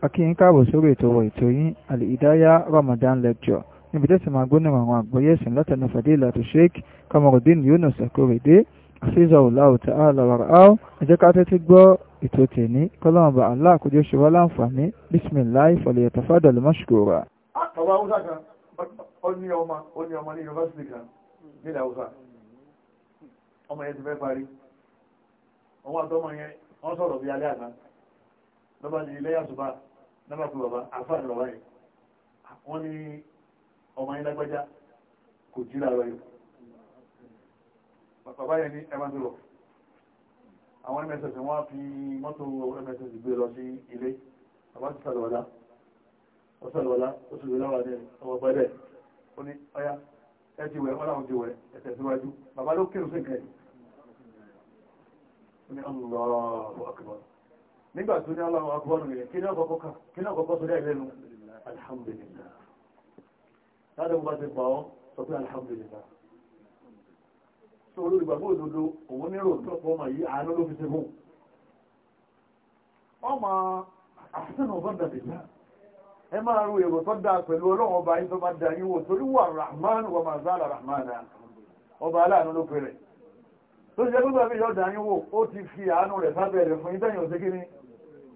akíyín káàbọ̀ sórí ètò ọ̀rọ̀ ètò yín àlìdáyà Ramadan lecture níbi tẹ́sí máa gbóná àwọn àgbọ̀yé ẹ̀sìn látẹnu Fadilatu Sheikh Kamarudin Yunus Akorede àfihàn ọ̀làwọ̀ tá a lọ rà áwọ̀ ẹ ká tẹ́tí gbọ́ ètò tèmi kọ́lọ́mọba Allah àkójọ ṣe wá láǹfààní bisimilahi falyatafaddal mashkura. ọba haúsá kan ó ní ọmọ ó ní ọmọ ní yunifásitì kan nílẹ̀ haúsá ọmọ yẹn ti fẹ́ parí ọmọ àtọmọ yẹn wọ́n sọ̀rọ̀ bí alẹ́ àná lọ́ba ní ilé yàtúbà lọ́bà fún bàbá àfáà lọ́wà yìí wọ́n ní ọmọ yìí lágbájá kò jí láàrọ̀ yìí bàbá yẹn ní ẹmà tó lọ àwọn mss wọ́n fi mọ́tò mss gbé lọ sí ilé bàbá ti sàlọ̀wọ́lá ó sàlọ̀wọ́lá ó sì lọ́wà ní ọmọ pẹ́lẹ̀ ó ní ọya ẹ wẹ̀ ọlọ́run ti wẹ̀ ẹ̀tẹ̀ síwájú bàbá ló kírun sí nǹkan ó ní ọlọ́run akbar nígbà tó ní aláwọ̀ agbọ́nù rẹ̀ kí náà kọ́kọ́ tó dẹ̀ lẹ́nu alhamdulillah ládàbù bá ti pa ọ́ sọ pé alhamdulillah tó olú ìgbàgbọ́ òdodo òun nírò tó pọ̀ mọ̀ yí àánú ló fi ṣe fún ọmọ àṣìṣẹ́nà ọ̀gọ́dà dìgbà ẹ máa ru èrò tó dáa pẹ̀lú ọlọ́run ọba yín tó bá da yín wò torí wà gbogbo àbí yọ̀ọ̀dà yín ó ti fi àánú rẹ̀ sábẹ̀ rẹ̀ fún yín tẹ́yìn òṣèkí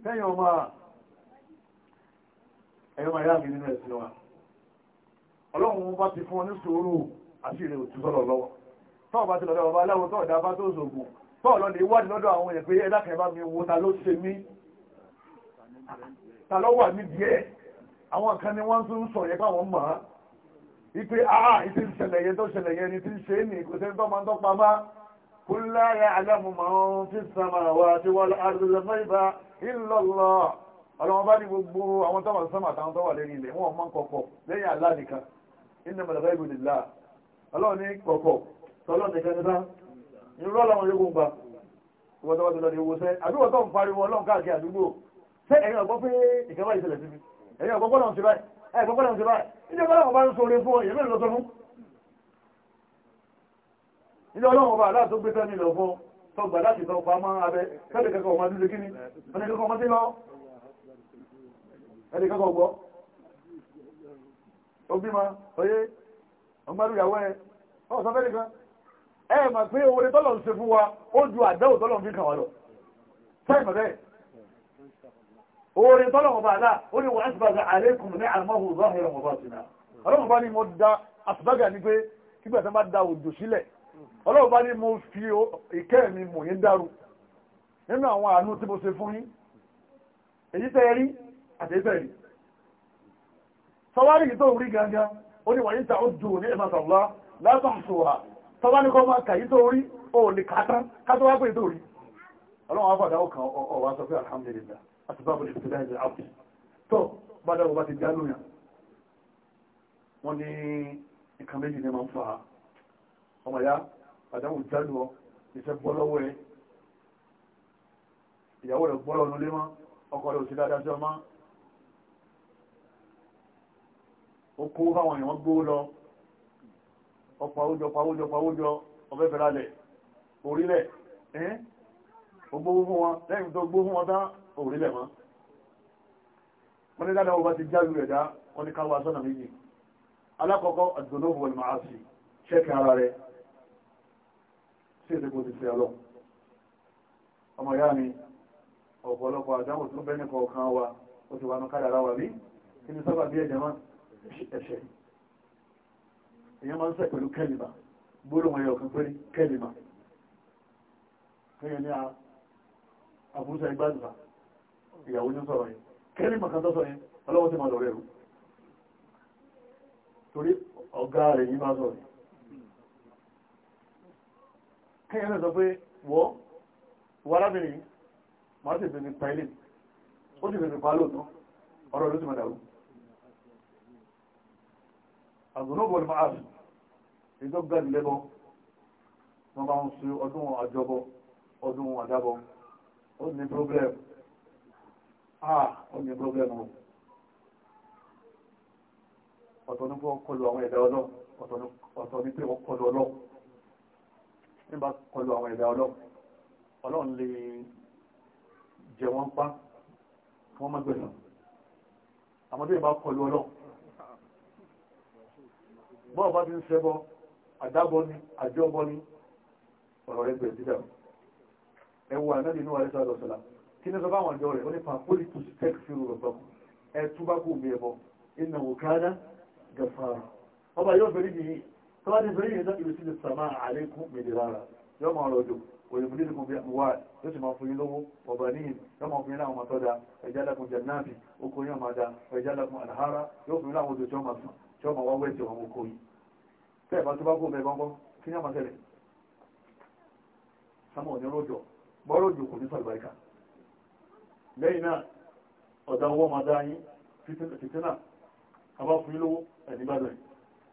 tẹ́yàn ọmọ ẹ̀yọ́mà yá mi nínú ẹ̀sìn wa ọlọ́run bá ti fún ọ ní sòórò àṣírí òtún sọ́lọ̀ lọ́wọ́ tọ́ọ̀ bá ti lọ́dọ̀ ọba aláwọ̀ tọ́ọ̀ dá bá tó sògùn tọ́ọ̀ lọ́dọ̀ ìwádìí lọ́dọ̀ àwọn èèyàn pé mi wo ta ló ṣe mí ta lọ́ wà mí díẹ̀ àwọn ah ìtì ìṣẹ̀lẹ̀ yẹn tó ṣẹlẹ̀ yẹn ni ti قل لا يعلم من في السماوات والأرض الغيب إلا الله ọlọ́wọ́n bá ní gbogbo àwọn tó wà sánmà àtàwọn tó wà lẹ́yìn ilẹ̀ wọn máa ń kọ̀kọ̀ lẹ́yìn àlá nìkan innamal ghaibu lillah ọlọ́wọ́n ní kọ̀kọ̀ tọ́lọ́ nìkan níta irú ọlọ́wọ́n yóò gbà wọ́n tọ́wọ́ tọ́lọ́ ní owó sẹ́ àdúgbò tó ń pariwo ọlọ́run káàkiri àdúgbò sẹ́ ẹ̀yin ọ̀gbọ́n pé ìkẹ́wà ìṣẹ̀lẹ̀ sí mi ẹ̀yin ọ̀gbọ́n ilé ọlọ́run ọba aláàtó gbé sẹ́ni lọ fún tọgbà láti tọ pamọ́ abẹ sẹ́lẹ̀ kẹ́kọ̀ọ́ ọmọ dúdú kíní ẹni kẹ́kọ̀ọ́ ọmọ sí lọ ẹni kẹ́kọ̀ọ́ gbọ́ òbí ma oyé ọgbàlú ìyàwó ẹ ọ sọ fẹ́lẹ̀ kan ẹ mà pé oore tọ́lọ̀ ń ṣe fún wa ó ju àdáwò tọ́lọ̀ ń fi kàn wá lọ sẹ́yìn mọ̀ bẹ́ẹ̀ oore tọ́lọ̀ ọba àlá ó ní wọ́n asibagà àlékùn ní àmọ́hùn zọ́hìrì ọlọ́run bá ní mo fi ìkẹ́ mi mò yín dárú nínú àwọn àánú tí mo ṣe fún yín èyí tẹ́ rí àti tẹ́ rí sọwárí tó rí gangan ó ní wàyí ta ó dùn ní ìmọ̀sànlá látàn ṣòwà sọwárí kọ́ máa kàyí tó rí ó lè kàtán kátó wá pé tó rí ọlọ́run wá fàdá ọkàn ọwà sọ pé alhamdulillah àti bábù lè fi láìsí àpù tó bádá bàbá ti dánú yàn wọ́n ní nǹkan méjì ní máa ń fa ọmọ ya àdáwò jálù ọ iṣẹ́ bọ́ lọ́wọ́ ẹ ìyàwó rẹ̀ gbọ́rọ̀ ọ̀nà lé mọ́ ọkọ rẹ̀ òsì dáadáa sí ọmọ ó kó fáwọn èèyàn gbó lọ ọpàwójọ pàwójọ pàwójọ ọfẹ́ fẹ́ lálẹ̀ orílẹ̀ ẹ́ ogbówó fún wọn lẹ́yìn tó gbó fún wọn tán orílẹ̀ mọ́ wọ́n ní dáadáa wọ́n bá ti jálù rẹ̀ dá wọ́n ní káwọ́ asọ́nà sí ìdíkò ti ṣe ọlọ́ ọmọ ìyá mi ọ̀pọ̀lọpọ̀ àdáwò tó bẹ́ẹ̀ nìkan ọ̀kan wa ó ti wà ní kádàrá wa bí kí ni sábà bí ẹ̀jẹ̀ máa ẹ̀ṣẹ̀ èèyàn máa ń sẹ́ pẹ̀lú kẹ́lìmà gbólóhùn ẹyọ kan péré kẹ́lìmà kéèyàn ní àbúrúsọ ìgbàdùnà ìyàwó ní sọ̀rọ̀ yẹn kẹ́lìmà kan tọ́sọ̀ yẹn ọlọ́wọ́ ti máa lọ rẹ̀ rú torí ọ̀gá rẹ̀ yìí máa sọ̀rọ̀ yẹn kẹ́yìn náà sọ pé wọ́ wọ́n arábìnrin máa ti bèèrè pa ilé ó ti bèèrè pa lóòótọ́ ọ̀rọ̀ ló ti máa dàrú àgbọ̀nọ́bọ̀ ni máa sùn ìjọ gbẹ̀rù lẹ́bọ̀ wọ́n bá ń sun ọdún àjọbọ ọdún àdábọ ó ní problem ah ó ní problem o ọ̀tọ̀ ní pé wọ́n kọlu àwọn ẹ̀dá ọlọ́ ọ̀tọ̀ ní pé wọ́n kọlu ọlọ́ tí bá kọlu àwọn ẹ̀dá ọlọ́run ọlọ́run lè jẹ wọ́n pa kí wọ́n má gbẹ̀sán àmọ́ tí ìbá kọlu ọlọ́run bọ́ọ̀ bá ti ń ṣẹbọ àdábọ ni àjọbọ ni ọ̀rọ̀ rẹ̀ gbẹ̀ dídà ẹwọ ànábì inú àrẹ́sà lọ́sọ̀lá kí ní sọ bá àwọn àjọ rẹ̀ ó ní pàpólítùs tẹ́kì sí rúrọ̀ bọ́kù ẹ túbákù mi ẹbọ iná òkádá tọ́wọ́ ní sọ́yìn ìjọ ìrìsí ní sàmà àlékún mìdìrára yóò máa rọ̀jò òyìnbó nínú kùnfẹ́ wà yóò sì máa fún yín lówó ọba ní ìlú yóò máa fún yín láwọn mọ́tọ́dá ẹjá lákùn jẹ̀nàbì oko da ẹjá lákùn àdáhárá yóò fún yín láwọn odò tí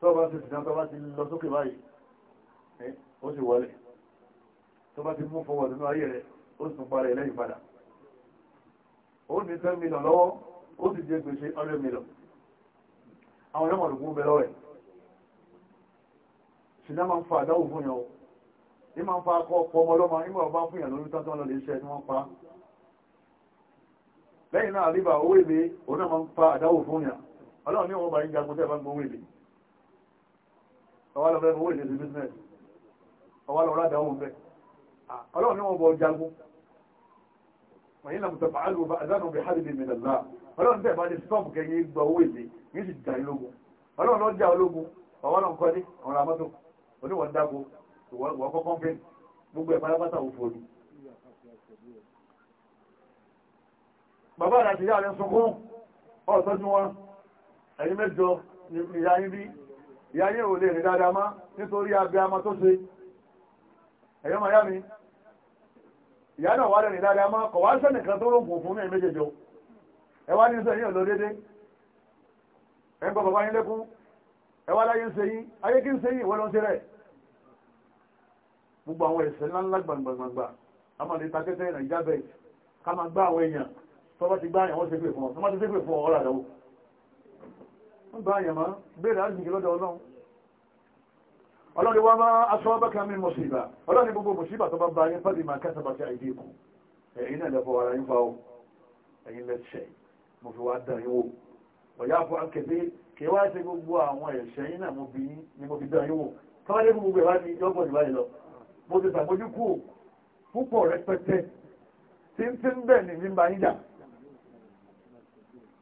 tó bá ti sìnà tó bá ti lọ sókè báyìí ó sì wọlé tó ti mú fọwọ́ nínú ayé rẹ̀ ó sì lẹ́yìn padà ó ní 10 million lọ́wọ́ ó sì jẹ́ gbèsè 100 million àwọn ọmọ ìgbó bẹ̀rẹ̀ si ṣìnà máa ń fa àdáwò fún yàn ní máa ń fa akọ ọpọ ọmọ ọlọ́mọ nígbà ọba fún yàn lórí tọ́tọ́ lọ lè ṣẹ́ tí wọ́n pa lẹ́yìn náà owó èlé òun náà máa ń fa àdáwò fún yàn ọlọ́run ní ọwọ́ lọ fẹ́ owó ìdèsí business ọwọ́ lọ rádà ọmọ bẹ́ ọlọ́run ní wọn bọ jagun wọ́n yìí làmùtọ̀ fàálù bá àdánù bí hàdìdì mìlàlá ọlọ́run tẹ̀ bá ní stop kẹyìn gba owó èlé yìí sì jà ológun ọlọ́run lọ jà ológun ọwọ́ lọ ń kọ́ ní àwọn ramọ́tò oníwọ̀n dáko ìwọ̀n kọ́kọ́ pé gbogbo ẹ̀ pátápátá òfò ni. bàbá àti ìyá rẹ̀ sunkún ọ̀sán tí wọ́n ẹ̀yìn mẹ́jọ ni ìyáyé ò lè rìn dáadáa má nítorí abẹ́ ama tó ṣe ẹ̀yọ́ miami ìyá náà wà lè rìn dáadáa má kọ̀ wá sẹ́nìkan tó rògùn fún mẹ́ méjèjọ ẹwà ní sẹ́yìn ọ̀lọ́ dédé ẹgbọ́ bàbá yín lékún ẹwà láyé ń sẹ́yìn ayé kí ń sẹ́yìn ìwọ́n lọ sí rẹ̀ gbogbo àwọn ẹ̀sẹ̀ ńláńlá gbàǹgbàǹgbà a máa bá àyàmá bèèrè àjíjì lọ́dọ̀ ọlọ́run ọlọ́run wá máa aṣọ ọbákan mi mọ̀síbà ọlọ́run gbogbo mọ̀síbà tó bá bá yín fàdí máa kásàbà sí àìdí ikú ẹ̀yin náà lẹ́fọ́ ara yín fa o ẹ̀yin lẹ́ṣẹ̀ mo fi wá dán yín wò ọ̀yá fún akẹ́bẹ́ kí wá ṣe gbogbo àwọn ẹ̀ṣẹ̀ yín náà ni mo fi dán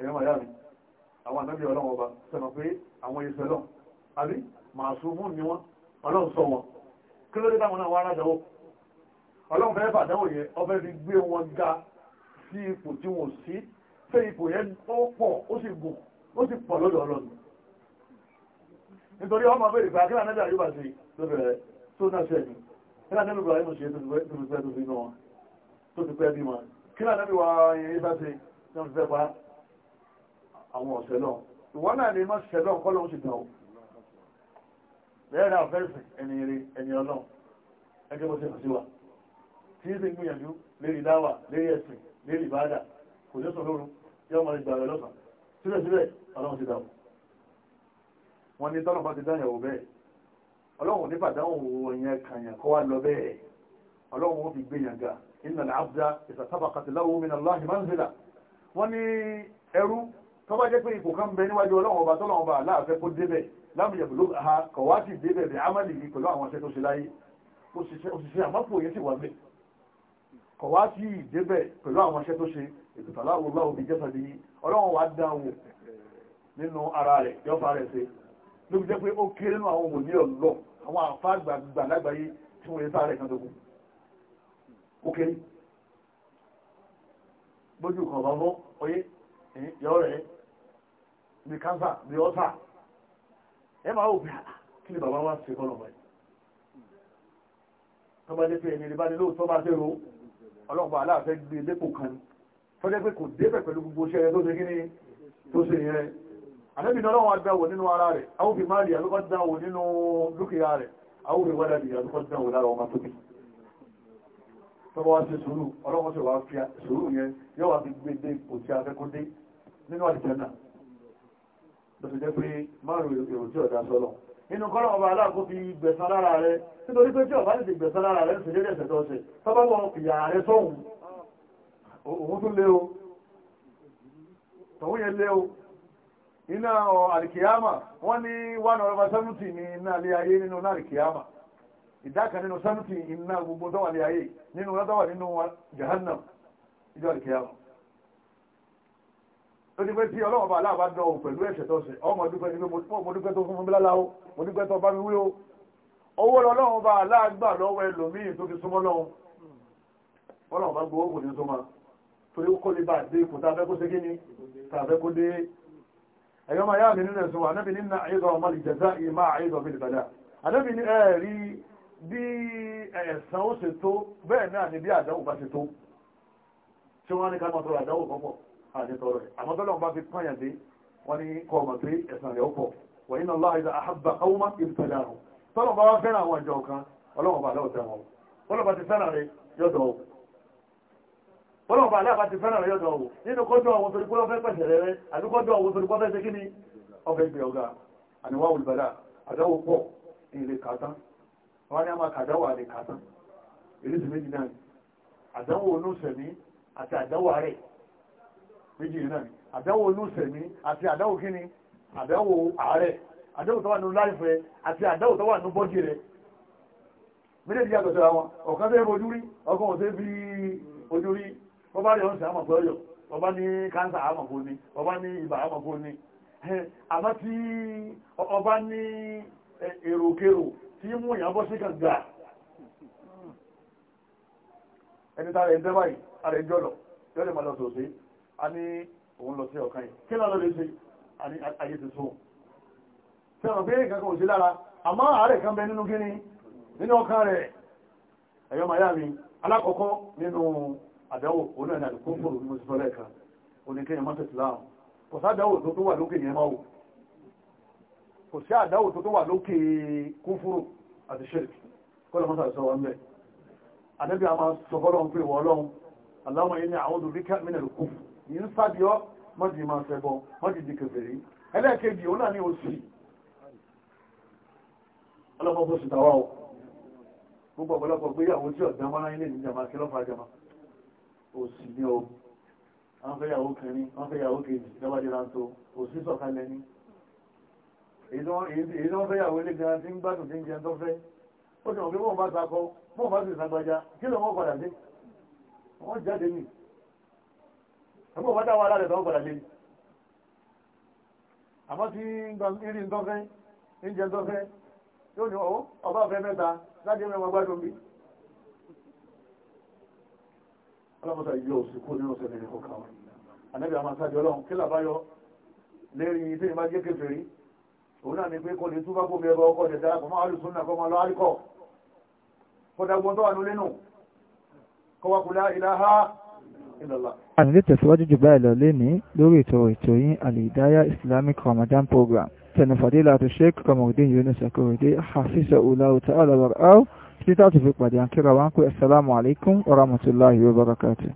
ẹ̀yọ́ màá yára àwọn ànábì ọlọ́run ọba sọ̀rọ̀ pé àwọn èso ẹlọ́run àbí màásùmù ni wọ́n ọlọ́run sọ wọn kí ló dé táwọn náà wá rájọ́wó ọlọ́run fẹ́ fàdánwò yẹn ọfẹ́ fi gbé wọn ga sí ipò tí wọ́n sí pé ipò yẹn ó pọ̀ ó sì gùn ó sì pọ̀ lọ́dọ̀ ọlọ́run nítorí ọmọ bèèrè pé akílà náà yóò bá sí lóbẹ̀rẹ̀ tó náà ṣẹ́ni kílà náà lóbẹ̀rẹ̀ mo ṣe tó tó náà bí àwọn ọ̀sẹ̀ náà ìwọ́n náà lè má ṣẹlọ kọ́lọ̀ ó sì dàn ó bẹ́ẹ̀ náà fẹ́ẹ̀sì ẹni eré ẹni ọlọ́run ẹgbẹ́ bó ṣe kò sí wa tí í sì gbìyànjú lérí dáwà lérí ẹ̀sìn lérí ìbáadà kò lẹ́sùn lóru yóò mọ̀ ìgbà rẹ̀ lọ́sàn síbẹ̀síbẹ̀ ọlọ́run ti dà ó wọ́n ní tọ́lọ̀ bá ti dáyà ẹrú tọ́bá jẹ́ pé ipò kan bẹ níwájú ọlọ́run ọba tọ́lọ́run ọba aláàfẹ́ kó débẹ̀ lámùyẹ̀ pẹ̀lú ha kọ̀wátì débẹ̀ bẹ̀ ámàlì yìí pẹ̀lú àwọn ṣẹ́ tó ṣe láyé òṣìṣẹ́ àmọ́pò yẹn sì wà bẹ̀ kọ̀wátì débẹ̀ pẹ̀lú àwọn ṣẹ́ tó ṣe ètùtà láwọ láwọ bí jẹ́sà bí ọlọ́run wa dá wò nínú ara rẹ̀ yọ́fà rẹ̀ ṣe ló fi jẹ́ pé ó kéré nínú bí kánsà bí ọ́sà ẹ máa wò bí ah, kí ni bàbá wá ṣe kọ́ lọ́mọ yìí tọ́ba ní pé ẹni ìbáni lóòótọ́ bá ṣe ro ọlọ́pàá aláàfẹ́ gbé e lépò kan tọ́jẹ́ pé kò débẹ̀ pẹ̀lú gbogbo iṣẹ́ tó ṣe kí ni tó ṣe yẹn ànábì náà wọ́n dáwò nínú ara rẹ̀ àwọn òfin máa rí àlúkọ́ dáwò nínú dúkìá rẹ̀ àwọn òfin wádà rí àlúkọ́ dáwò lára ọmọ tó bí tọ́bọ̀ wá sí sùúrù ọlọ́pàá sí wá fi sùúrù yẹn yóò wá fi gbé e dé kò sí nínú àdìjẹ́ náà ló ti jẹ́ pé márùn-ún èrò tí ọ̀dá sọ́lọ̀ nínú kọ́lọ̀ ọba aláàkó fi gbẹ̀sán lára rẹ nítorí pé tí ọba lè ti gbẹ̀sán lára rẹ ṣe lédè ẹ̀sẹ̀ tó ṣe tọ́bá mọ ìyà rẹ sóhun òun tún lé o tòun yẹn lé o iná àríkìyàmà wọ́n ní one over seventy ní iná ilé ayé nínú iná àríkìyàmà ìdá kan nínú seventy iná gbogbo tó wà ní ayé nínú lọ́tọ̀ wà nínú jahannam ìjọ àríkìyàmà tó ti pé tí ọlọ́wọ́ bá aláàbá dán òun pẹ̀lú ẹ̀ṣẹ̀ tó ṣe ọmọ dúpẹ́ ní pé mo dúpẹ́ tó fún mi láláwo mo dúpẹ́ tó bá mi wí o owó lọ́wọ́ bá aláàgbà lọ́wọ́ ẹlòmíì tó fi súnmọ́ lọ́wọ́ ọlọ́wọ́ bá gbowó kò ní súnmọ́ torí kó lè bá dé ipò tàbẹ́ kó ṣe kí ni tàbẹ́ kó dé ẹ̀yọ́ máa yá mi nínú ẹ̀sùn wa anábì àdìtọ̀rọ̀ àmọ́ tọ́lọ̀ bá fi pààyàn sí wọ́n ní kọ́ ọmọ pé ẹ̀sàn rẹ̀ ó pọ̀ wọ́n iná láàá ìdá àhábà ọmọ ìbùtẹ̀lẹ̀ àrùn tọ́lọ̀ bá wá fẹ́ràn àwọn ìjọ kan ọlọ́wọ́n bá lọ́ọ̀tẹ̀ wọn tọ́lọ̀ bá ti fẹ́ràn rẹ̀ yọ̀dọ̀ ọ̀ tọ́lọ̀ bá aláàbá ti fẹ́ràn rẹ̀ yọ̀dọ̀ ọ̀ nínú kọjọ́ àwọn torí kọ́ fẹ́ pẹ̀sẹ̀ rẹ̀ àbí ní àti àdáwò àárẹ̀ méjì náà ni àdáwò olúṣẹ̀mí àti àdáwò kíni àdáwò ààrẹ àdáwò tó wà ní láìfẹ́ àti àdáwò tó wà ní bọ́jì rẹ̀ méjèèjì yàtọ̀ síra wọn ọ̀kan tẹ́ ojú rí ọkàn òṣè bí ojú rí wọ́n bá rí ọ̀sẹ̀ àmọ̀ pé ọyọ̀ wọ́n bá ní káńsà àmọ̀ kò ní wọ́n bá ní ibà àmọ̀ kò ní àmọ́ tí ọba ní èròkèrò tí mú ìyàbọ̀ sí kànga ẹni tààrẹ̀ ẹ̀dẹ́ báyìí àrẹ̀ jọlọ̀ yọ́lẹ̀ màlọ́sọ̀ọ́sẹ́ a ní òun lọ sí ọ̀kan yìí kí lọ́lọ́ lè ṣe ayé ti sóhun tí ọ̀nà pé nǹkan ò sí lára àmọ́ àárẹ̀ kan bẹ nínú gíní nínú ọkàn rẹ̀ ẹ̀yọ́ màyá mi alákọ̀ọ́kọ́ nínú àdáwò òun ní kókòrò ní mo ti fọ́lẹ̀ kan oníkẹyìn mọ́tẹ̀ a yìí ń sábíọ́ mọ́jì máa fẹ́bọ mọ́jì di kèfèrí ẹlẹ́ẹ̀kejì òun náà ní oṣù ọlọ́pọ̀ oṣù tàwa o gbogbo ọ̀pọ̀lọpọ̀ pé àwọn tí ọ̀dá mọ́ra ilé ní jama kí lọ́fà jama oṣù ní o wọ́n fẹ́ yàwó kẹni wọ́n fẹ́ yàwó kejì ìjọba jẹ́ láńtó oṣù sọ̀kalẹ̀ ní èyí tó fẹ́ yàwó ilé gan tí ń gbádùn tí ń jẹun tó fẹ́ ó ti mọ̀ pé wọ́n bá takọ wọ́n bá sì sàgbàjá kí lọ́wọ́ padà dé ẹgbẹ́ ọmọdé àwọn aláàrẹ̀ tó ń padà léyìí àmọ́ tí irí ń tọ́fẹ́ ń jẹ tọ́fẹ́ yóò ní ọwọ́ oh, ọba ọ̀fẹ́ mẹ́ta láti ẹgbẹ́ ọmọ gbádùn bí ọlọ́mọta yìí yóò sì kú nínú sẹ́lẹ̀ ní kọkà wọn ànẹ́bí àwọn asájọ ọlọ́run kí làbáyọ lérí tí ìbá jẹ́ kéferì òun àmì lè tẹ̀síwájú jù báyìí lọ lénìí lórí ètò ètò yín àlìdáyà islamic ramadan program tẹnu fàdílà tó sheik kamaldin yunus akorede hafiza ulawu ta'ala warau títí tá a ti fi pàdé àkírà wa ń pè wa rahmatullahi wa barakatuh.